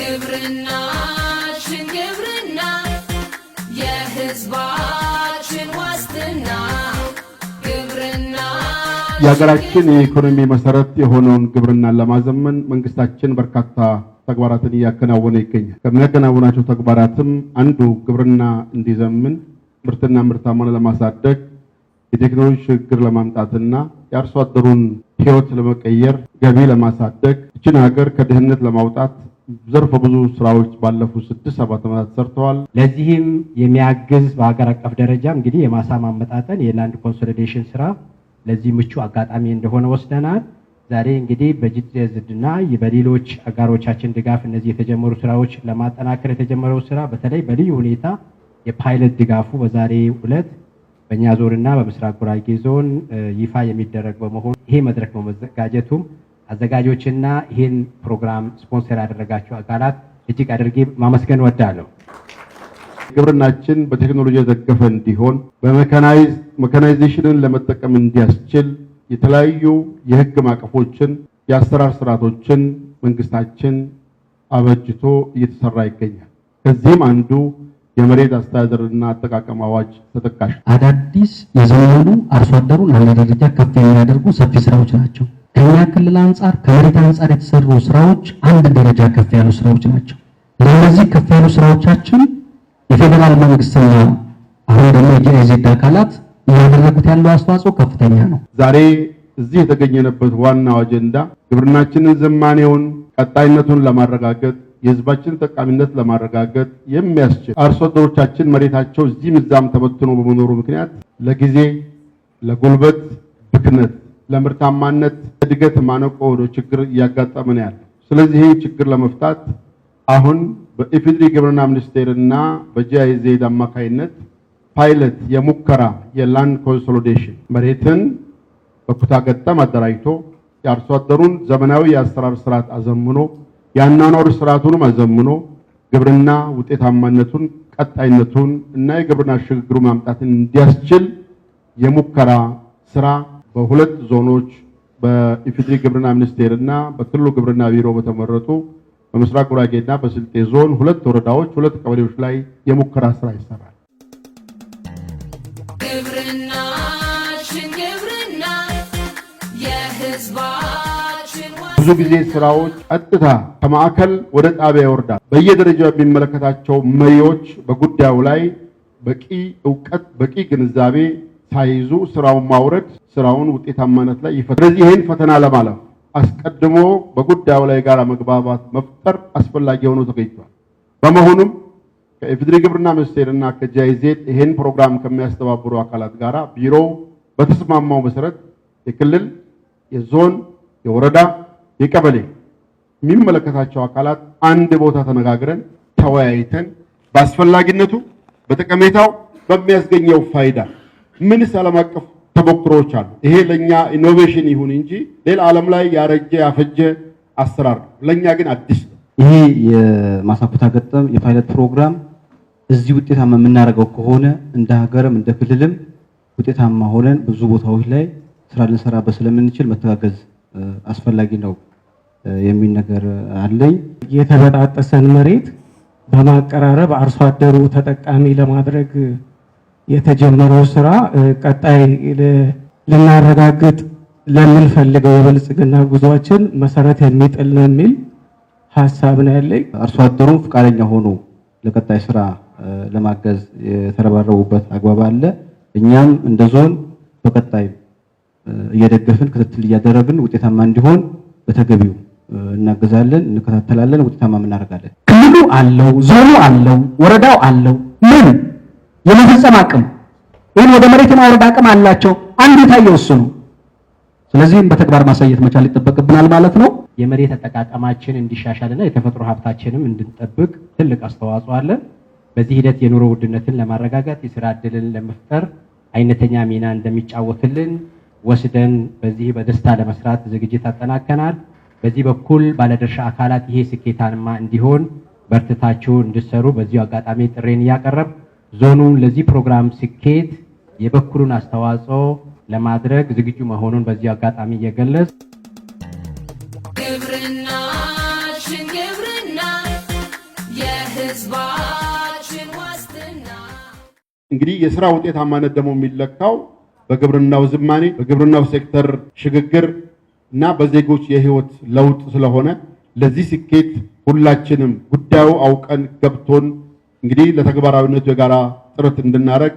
ግብርናችን ግብርና ዋስትና ግብርና። የሀገራችን የኢኮኖሚ መሰረት የሆነውን ግብርናን ለማዘመን መንግስታችን በርካታ ተግባራትን እያከናወነ ይገኛል። ከሚያከናውናቸው ተግባራትም አንዱ ግብርና እንዲዘምን ምርትና ምርታማን ለማሳደግ የቴክኖሎጂ ሽግግር ለማምጣትና የአርሶ አደሩን ህይወት ለመቀየር ገቢ ለማሳደግ እችን ሀገር ከድህነት ለማውጣት ዘርፈ ብዙ ስራዎች ባለፉት ስድስት ሰባት ዓመታት ሰርተዋል። ለዚህም የሚያግዝ በሀገር አቀፍ ደረጃ እንግዲህ የማሳ ማመጣጠን የላንድ ኮንሶሊዴሽን ስራ ለዚህ ምቹ አጋጣሚ እንደሆነ ወስደናል። ዛሬ እንግዲህ በጂቲዝድና በሌሎች አጋሮቻችን ድጋፍ እነዚህ የተጀመሩ ስራዎች ለማጠናከር የተጀመረው ስራ በተለይ በልዩ ሁኔታ የፓይለት ድጋፉ በዛሬ ዕለት በእኛ ዞንና በምስራቅ ጉራጌ ዞን ይፋ የሚደረግ በመሆኑ ይሄ መድረክ በመዘጋጀቱም አዘጋጆችና ይህን ፕሮግራም ስፖንሰር ያደረጋቸው አካላት እጅግ አድርጌ ማመስገን ወዳለሁ። ግብርናችን በቴክኖሎጂ የዘገፈ እንዲሆን በመካናይዜሽንን ለመጠቀም እንዲያስችል የተለያዩ የህግ ማዕቀፎችን የአሰራር ስርዓቶችን መንግስታችን አበጅቶ እየተሰራ ይገኛል። ከዚህም አንዱ የመሬት አስተዳደርና አጠቃቀም አዋጅ ተጠቃሽ አዳዲስ የዘመኑ አርሶ አደሩን አንድ ደረጃ ከፍ የሚያደርጉ ሰፊ ስራዎች ናቸው። ከኛ ክልል አንጻር ከመሬት አንጻር የተሰሩ ስራዎች አንድ ደረጃ ከፍ ያሉ ስራዎች ናቸው። ለእነዚህ ከፍ ያሉ ስራዎቻችን የፌዴራል መንግስትና አሁን ደግሞ የጂአይዜድ አካላት እያደረጉት ያለው አስተዋጽኦ ከፍተኛ ነው። ዛሬ እዚህ የተገኘንበት ዋናው አጀንዳ ግብርናችንን ዘማኔውን ቀጣይነቱን ለማረጋገጥ የህዝባችን ጠቃሚነት ለማረጋገጥ የሚያስችል አርሶ አደሮቻችን መሬታቸው እዚህም እዛም ተበትኖ በመኖሩ ምክንያት ለጊዜ ለጉልበት ብክነት ለምርታማነት እድገት ማነቆ ወደ ችግር እያጋጠመ ነው ስለዚህ ይህን ችግር ለመፍታት አሁን በኢፌዴሪ ግብርና ሚኒስቴር እና በጂአይዜድ አማካይነት ፓይለት የሙከራ የላንድ ኮንሶሊዴሽን መሬትን በኩታ ገጠም አደራጅቶ የአርሶ አደሩን ዘመናዊ የአሰራር ስርዓት አዘምኖ የአኗኗር ስርዓቱንም አዘምኖ ግብርና ውጤታማነቱን፣ ቀጣይነቱን እና የግብርና ሽግግሩ ማምጣትን እንዲያስችል የሙከራ ስራ በሁለት ዞኖች በኢፌዴሪ ግብርና ሚኒስቴር እና በክልሉ ግብርና ቢሮ በተመረጡ በምስራቅ ጉራጌና በስልጤ ዞን ሁለት ወረዳዎች ሁለት ቀበሌዎች ላይ የሙከራ ስራ ይሰራል። ብዙ ጊዜ ስራዎች ቀጥታ ከማዕከል ወደ ጣቢያ ይወርዳል። በየደረጃው የሚመለከታቸው መሪዎች በጉዳዩ ላይ በቂ እውቀት፣ በቂ ግንዛቤ ታይዙ ስራውን ማውረድ ስራውን ውጤታማነት ላይ ይፈታል። ስለዚህ ይህን ፈተና ለማለፍ አስቀድሞ በጉዳዩ ላይ ጋራ መግባባት መፍጠር አስፈላጊ ሆኖ ተገኝቷል። በመሆኑም ከኢፌዴሪ ግብርና ሚኒስቴር እና ከጃይዜት ይህን ፕሮግራም ከሚያስተባብሩ አካላት ጋር ቢሮው በተስማማው መሰረት የክልል፣ የዞን፣ የወረዳ፣ የቀበሌ የሚመለከታቸው አካላት አንድ ቦታ ተነጋግረን ተወያይተን በአስፈላጊነቱ፣ በጠቀሜታው፣ በሚያስገኘው ፋይዳ ምንስ ዓለም አቀፍ ተሞክሮዎች አሉ? ይሄ ለእኛ ኢኖቬሽን ይሁን እንጂ ሌላ ዓለም ላይ ያረጀ ያፈጀ አሰራር ነው። ለእኛ ግን አዲስ ነው። ይሄ የማሳኮታ ገጠም የፓይለት ፕሮግራም እዚህ ውጤታማ የምናደርገው ከሆነ እንደ ሀገርም እንደ ክልልም ውጤታማ ሆነን ብዙ ቦታዎች ላይ ስራ ልንሰራበት ስለምንችል መተጋገዝ አስፈላጊ ነው የሚል ነገር አለኝ። የተበጣጠሰን መሬት በማቀራረብ አርሶ አደሩ ተጠቃሚ ለማድረግ የተጀመረው ስራ ቀጣይ ልናረጋግጥ ለምንፈልገው የብልጽግና ጉዞችን መሰረት የሚጥል ነው የሚል ሀሳብ ነው ያለኝ። አርሶ አደሩም ፈቃደኛ ሆኖ ለቀጣይ ስራ ለማገዝ የተረባረቡበት አግባብ አለ። እኛም እንደ ዞን በቀጣይ እየደገፍን ክትትል እያደረግን ውጤታማ እንዲሆን በተገቢው እናገዛለን፣ እንከታተላለን፣ ውጤታማ እናደርጋለን። ክልሉ አለው፣ ዞኑ አለው፣ ወረዳው አለው ምን የመፈጸም አቅም ይህን ወደ መሬት የማውረድ አቅም አላቸው። አንዱ የታየው እሱ ነው። ስለዚህም በተግባር ማሳየት መቻል ይጠበቅብናል ማለት ነው። የመሬት አጠቃቀማችን እንዲሻሻልና የተፈጥሮ ሀብታችንም እንድንጠብቅ ትልቅ አስተዋጽኦ አለን። በዚህ ሂደት የኑሮ ውድነትን ለማረጋጋት የስራ ዕድልን ለመፍጠር አይነተኛ ሚና እንደሚጫወትልን ወስደን በዚህ በደስታ ለመስራት ዝግጅት አጠናከናል። በዚህ በኩል ባለድርሻ አካላት ይሄ ስኬታማ እንዲሆን በርትታችሁ እንድሰሩ በዚሁ አጋጣሚ ጥሬን እያቀረብ ዞኑ ለዚህ ፕሮግራም ስኬት የበኩሉን አስተዋጽኦ ለማድረግ ዝግጁ መሆኑን በዚህ አጋጣሚ እየገለጽ ግብርናችን ግብርና ዋስትና። እንግዲህ የስራ ውጤታማነት ደግሞ የሚለካው በግብርናው ዝማኔ፣ በግብርናው ሴክተር ሽግግር እና በዜጎች የህይወት ለውጥ ስለሆነ ለዚህ ስኬት ሁላችንም ጉዳዩ አውቀን ገብቶን እንግዲህ ለተግባራዊነቱ የጋራ ጥረት እንድናደርግ